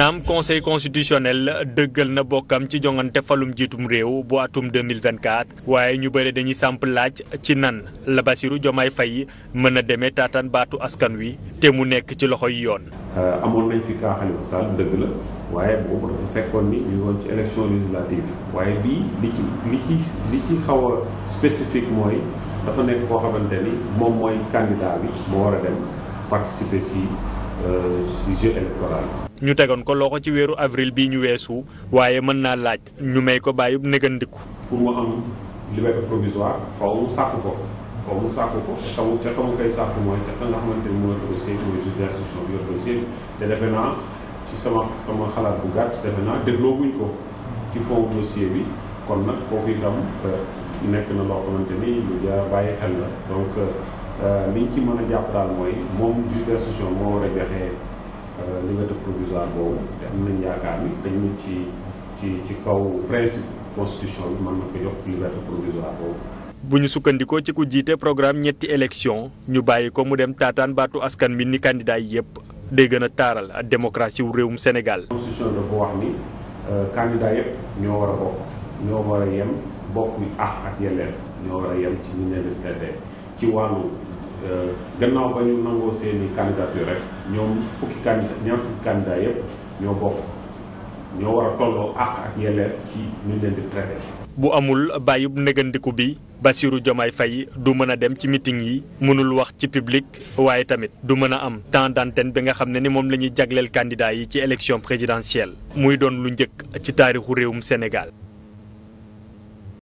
naam conseil constitutionnel dëggal na bokkam ci jongante falum jiitum réew bu atum 2024 waaye ñu bëri dañuy samp laaj ci nan la Bassirou Diomaye Faye mën a demee taataan baatu askan wi te mu nekk ci loxo yi yoon. Euh, amoon nañ fi kaa Khalifa Sall dëgg la waaye boobu dafa fekkoon ni ñu woon ci élection législative waaye bii li ci li ci li ci xaw a spécifique mooy dafa nekk koo xamante ni moom mooy candidat bi moo war a dem participer si. si jeu ñu tegoon ko loo ko ci weeru avril bii ñu weesu waaye mën naa laaj ñu may ko bàyyi négandiku pour mu am liberté provisoire faw mu sàkk ko faw mu sàkk ko xamu ca xamu koy sàkk mooy ca ka nga xamante ni mooy dossier bi mooy juge d'instruction bi yor dossier bi te defe naa ci sama sama xalaat bu gàtt defe naa dégloo guñ ko ci fond dossier bi kon nag kooku itam euh, nekk na loo xamante ni lu jaar bàyyi xel la donc euh, Euh, liñ ci mën a jàpp daal mooy moom juge d'instruction moo war a joxe euh, liberté provisoire boobu te am nañ yaakaar ni dañu ci ci kaw principe constitution bi mën na ko jox liberté provisoire boobu. bu ñu sukkandikoo ci ku jiite programme ñetti élection ñu bàyyi ko mu dem taataan baatu askan bi ni candidat yépp day gën a taaral démocratie wu réewum Sénégal. constitution dafa wax ni euh, candidat yépp ñoo war a bokk ñoo war a yem bokk ak ak yelleef ñoo war a yem Euh, gannaaw ba ñu nangoo seen i candidature rek ñoom fukki candidat ñaar fukki candidat yëpp ñoo bokk ñoo war a tolloo ak yelleef ci ñu di traité. bu amul bàyyub du mën a dem ci meeting yi mënul wax ci public waaye tamit du mën a am temps d'antenne bi nga xam ne ni moom la ñuy jagleel candidat yi ci élection présidentielle muy doon lu njëkk ci taarixu réewum senegal